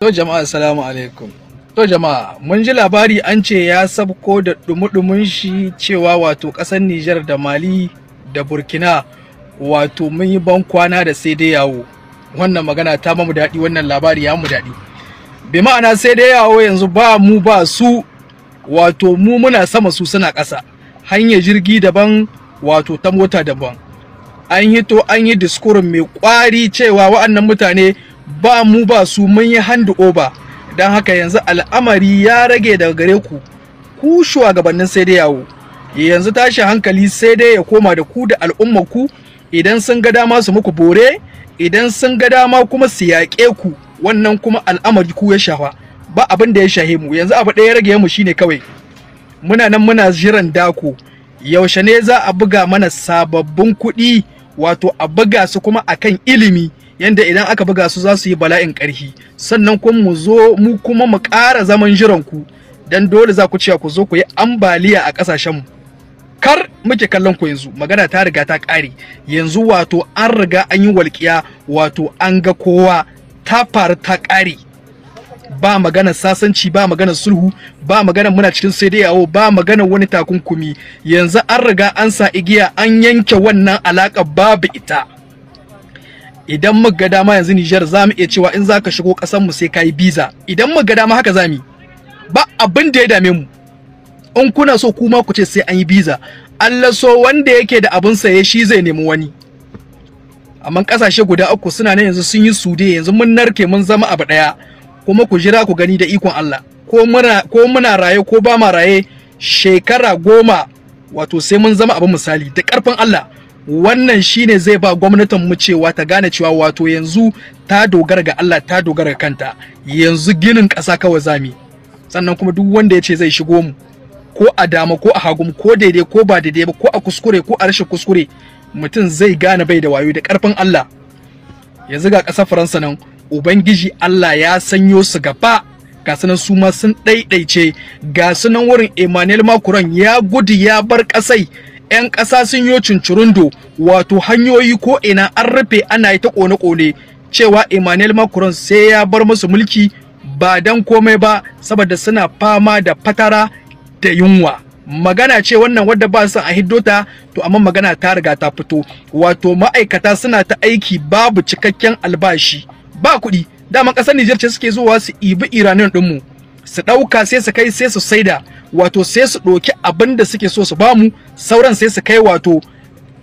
To jama'a salamu alaikum. To jama'a mun ji labari an ce ya sabko da dumudumin shi cewa wato ƙasar Nijar da Mali da Burkina wato mun yi ban kwana da sai dai yawo. Wannan magana ta mamu daɗi wannan labari ya mu daɗi. Bi ma'ana sai dai yawo yanzu ba mu ba su wato mu muna sama su suna ƙasa. Hanya jirgi daban wato ta mota daban. An yi to an yi diskurin mai ƙwari cewa wa'annan mutane ba mu ba su mun yi hand over don haka yanzu al'amari ya rage daga gare ku ku shugabannin sai dai yawo yanzu tashi hankali sai dai ya koma da ku da al'ummar ku idan sun ga dama su muku bore idan sun ga dama kuma su yaƙe ku wannan kuma al'amari ku ya shafa ba abin da ya shahe mu yanzu abu ɗaya rage mu shine kawai muna nan muna jiran dako yaushe ne za a buga mana sababbin kuɗi wato a buga su kuma akan ilimi yanda idan aka buga su za su yi bala'in ƙarfi sannan kuma mu zo mu kuma mu ƙara zaman jiran ku dan dole za ku cewa ku zo ku yi ambaliya a ƙasashenmu kar muke kallon ku yanzu magana ta riga ta ƙare yanzu wato an riga an yi walƙiya wato an ga kowa ta faru ta ƙare ba magana sasanci ba magana sulhu ba magana muna cikin sai dai yawo ba magana wani takunkumi yanzu an riga an sa igiya an yanke wannan alaƙa babu ita idan muka ga dama yanzu Nijar za mu iya cewa in za ka shigo ƙasar mu sai ka yi biza idan muka ga dama haka za mu ba abin da ya dame mu in kuna so kuma ku ce sai an yi biza Allah so wanda yake da abin saye shi zai nemi wani amma kasashe guda uku suna nan yanzu sun yi sude yanzu mun narke mun zama abu daya kuma ku jira ku gani da ikon Allah ko muna ko muna raye ko ba ma raye shekara goma wato sai mun zama abin misali da karfin Allah wannan shine zai ba gwamnatin mu cewa ta gane cewa wato yanzu ta dogara ga Allah ta dogara ga kanta yanzu ginin ƙasa kawai zami sannan kuma duk wanda ya ce zai shigo mu ko a dama ko a hagum ko daidai ko ba daidai ba ko a kuskure ko a rashin kuskure mutum zai gane bai da wayo da karfin Allah yanzu ga ƙasar Faransa nan Ubangiji Allah ya sanyo su gaba ga sunan su ma sun ɗaiɗaice ga sunan wurin Emmanuel Macron ya gudu ya bar ƙasai 'yan ƙasa sun yi cincirundo wato hanyoyi ko ina an rufe ana yi ta kone-kone. cewa emmanuel macron sai ya bar musu mulki ba dan komai ba saboda suna fama da fatara da yunwa magana ce wannan wadda ba su a hiddota to amma magana ta riga ta fito wato ma'aikata suna ta aiki babu cikakken albashi ba kuɗi dama ƙasar Nijar ce suke zuwa su ibi iranian ɗinmu su ɗauka sai su kai sai su saida wato sai su ɗauki abinda suke so su bamu sauran sai su kai wato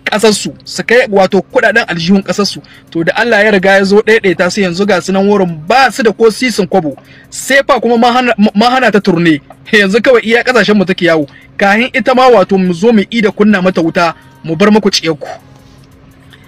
kasarsu su kai wato kudaden aljihun ƙasarsu. to da Allah ya riga ya zo ta, su yanzu ga sunan wurin ba su da ko sisin kwabo sai fa kuma ma ta turne yanzu kawai iya kasashen mu take yawo kahin ita ma wato mu zo mu ida kunna mata wuta mu bar muku ku.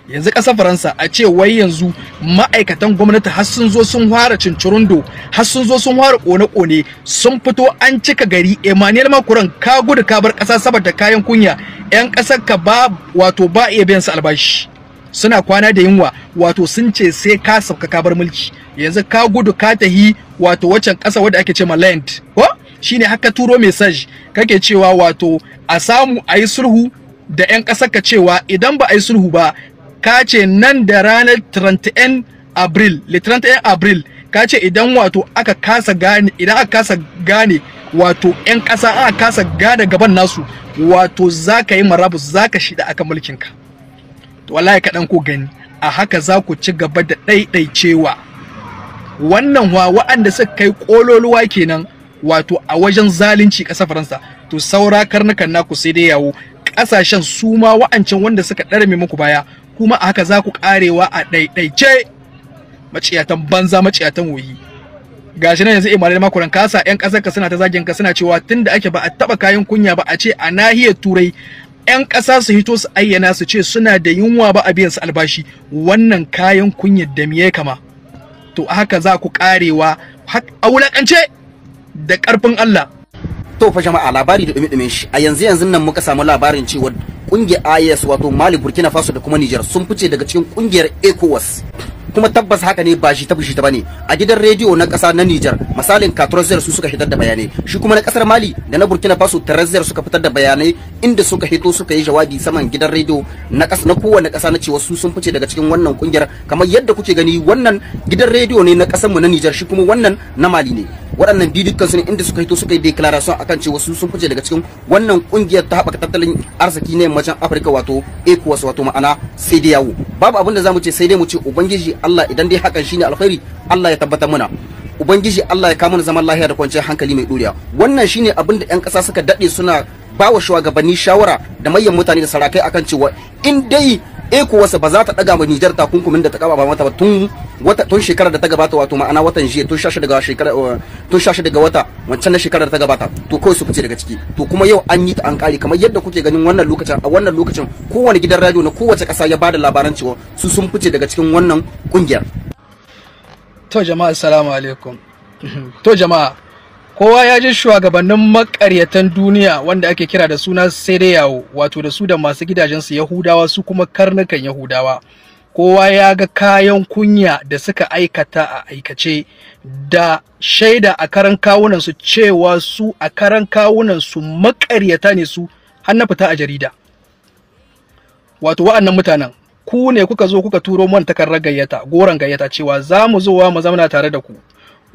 yanzu ƙasar faransa a ce wai yanzu ma'aikatan gwamnati har sun zo sun fara cincirundo har sun zo sun fara kone-kone sun fito an cika gari emmanuel macron ka gudu ka bar ƙasa saboda kayan kunya 'yan ƙasar ka ba wato ba iya biyan su albashi suna kwana da yunwa wato sun ce sai ka sauka ka bar mulki yanzu ka gudu ka tahi wato waccan ƙasa wadda ake ce ma land ko shine haka turo message kake cewa wato a samu a yi sulhu da 'yan ƙasar ka cewa idan ba a yi sulhu ba ka ce nan da ranar 31 abril le 31 abril ka ce idan wato aka kasa gane idan aka kasa gane wato 'yan ƙasa aka kasa gane gaban nasu wato za ka yi marabus za ka shida aka mulkinka to wallahi kaɗan ko gani a haka za ku ci gaba da ɗaiɗaicewa wannan wa wa'anda suka kai ƙololuwa kenan wato a wajen zalunci ƙasa faransa to saura karnukan naku sai dai yawo ƙasashen su ma wa'ancan wanda suka ɗarme muku baya kuma a haka za ku karewa a ɗaiɗaice maciyatan banza maciyatan woyi gashi nan yanzu imarai makuran kasa yan kasar ka suna ta zagin ka suna cewa tunda ake ba a taba kayan kunya ba a ce a nahiyar turai yan kasa su hito su ayyana su ce suna da yunwa ba a biyan su albashi wannan kayan kunyar da miye kama to haka za ku karewa a wulakance da karfin Allah to fa jama'a labari da dumi-dumin shi a yanzu yanzu nan muka samu labarin cewa kungiyar IS wato Mali Burkina Faso da kuma Niger sun fice daga cikin kungiyar ECOWAS kuma tabbas haka ne ba shi ta shi ta bane a gidan rediyo na ƙasa na Niger misalin 14 su suka hitar da bayanai shi kuma na ƙasar Mali da na Burkina Faso 13 suka fitar da bayanai inda suka hito suka yi jawabi saman gidan rediyo na ƙasa na kowanne ƙasa na cewa su sun fice daga cikin wannan kungiyar kamar yadda kuke gani wannan gidan rediyo ne na ƙasar mu na Niger shi kuma wannan na Mali ne waɗannan biyu dukkan su ne inda suka hito suka yi declaration akan cewa su sun fice daga cikin wannan kungiyar ta haɓaka tattalin arziki na yammacin Afirka wato ECOWAS wato ma'ana sai dai yawo babu abin da zamu ce sai dai mu ce ubangiji Allah idan dai hakan shine alkhairi Allah ya tabbatar mana ubangiji Allah ya kawo mana zaman lafiya da kwanciyar hankali mai duriya wannan shine abin da yan ƙasa suka dade suna ba wa shugabanni shawara da manyan mutane da sarakai akan cewa in dai Eh, wasa ba za ta daga Niger Nijar takunkumin da ta kaba ba mata ba tun wata tun shekarar da ta gabata wato ma'ana watan jiya tun shashi daga shekara uh, tun shashi daga wata wancan na shekarar ta gabata to kawai su fice daga ciki to kuma yau an yi ta an kare kamar yadda kuke ganin wannan lokacin a wannan lokacin kowane gidan radio na kowace kasa ya bada labaran cewa su sun fice daga cikin wannan kungiyar to jama'a assalamu alaikum to jama'a kowa ya ji shugabannin makaryatan duniya wanda ake kira da suna sai dai yawo wato da su da masu gidajensu yahudawa su kuma karnukan yahudawa kowa ya ga kayan kunya da suka aikata a aikace da shaida a karan kawunan su cewa su a karan kawunan su makaryata ne su har na fita a jarida wato wa'annan mutanen ku ne kuka zo kuka turo man takarar gayyata goron gayyata cewa za mu zo wa mu zamana tare da ku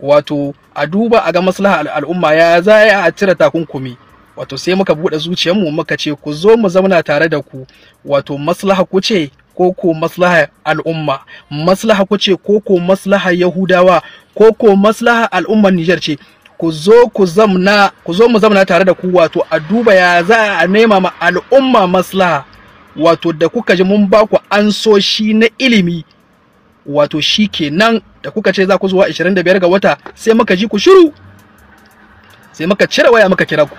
wato a duba a ga maslaha al'umma ya za a cire takunkumi wato sai muka buɗe zuciyarmu muka ce ku zo mu zauna tare da ku wato maslaha ku ce ko ko maslaha al'umma maslaha ku ce ko ko maslaha yahudawa ko ko maslaha al'ummar Nijar ce ku zo ku zamna ku zo mu zamna tare da ku wato a duba ya za a nema ma al'umma maslaha wato da kuka ji mun ba ku ansoshi na ilimi wato shi kenan da kuka ce za ku zuwa 25 ga wata sai muka ji ku shiru sai muka cire waya muka kira ku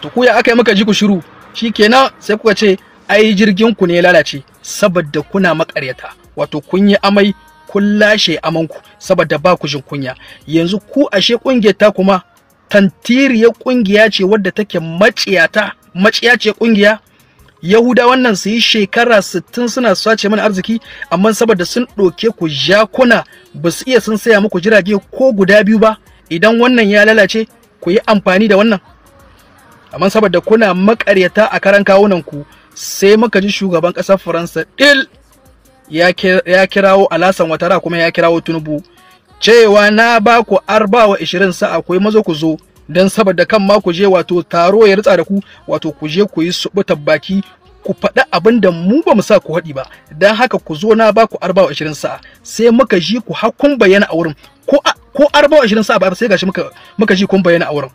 to ku ya aka yi muka ji ku shiru shi kenan sai kuka ce ai jirgin ku ne ya lalace saboda kuna makaryata wato kun yi amai kun lashe amanku saboda ba ku jin kunya yanzu ku ashe kungiyar ta kuma tantiriyar kungiya ce wadda take maciyata maciya ce kungiya yahuda wannan su yi shekara 60 suna sace mana arziki amma saboda sun ɗauke ku jakuna ba su iya sun saya muku jirage ko guda biyu ba idan wannan ya lalace ku yi amfani da wannan amma saboda kuna makaryata a karan kawunan ku sai muka ji shugaban ƙasar faransa dil ya kirawo alasan watara kuma ya kirawo tunubu cewa na ba ku arbawa 20 sa akwai mazo ku zo don saboda kan ma ku je wato taro ya ritsa da ku wato ku je ku yi subutar baki ku faɗi abin da mu ba mu sa ku haɗi ba don haka ku zo na baku ku arba'a ashirin sa'a sai muka ji ku har kun bayyana a wurin ko arba'a ashirin sa'a ba sai gashi muka ji kun bayyana a wurin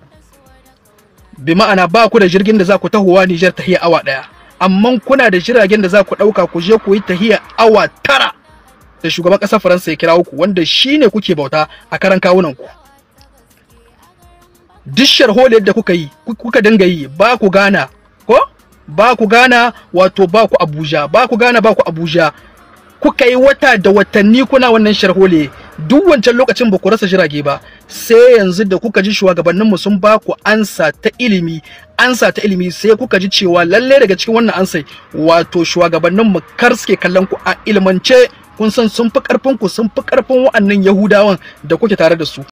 bi ma'ana ba ku da jirgin da za ku tahowa Nijar tahiya awa ɗaya amma kuna da jiragen da za ku ɗauka ku je ku yi tahiya awa tara da shugaban ƙasar Faransa ya kirawo ku wanda shine kuke bauta a karan kawunan ku Dishar sharholiyar da kuka yi kuka dinga yi ba ku gana ko ba ku gana wato ba ku Abuja ba ku gana ba ku Abuja kuka yi wata da watanni kuna wannan sharhole duk wancan lokacin ba ku rasa jirage ba sai yanzu da kuka ji shugabanninmu sun ba ku ansa ta ilimi ansa ta ilimi sai kuka ji cewa lalle daga cikin wannan ansa wato shugabanninmu kar suke kallon ku a ilimance kun san sun fi karfin ku sun fi karfin wa'annan yahudawan da kuke tare da su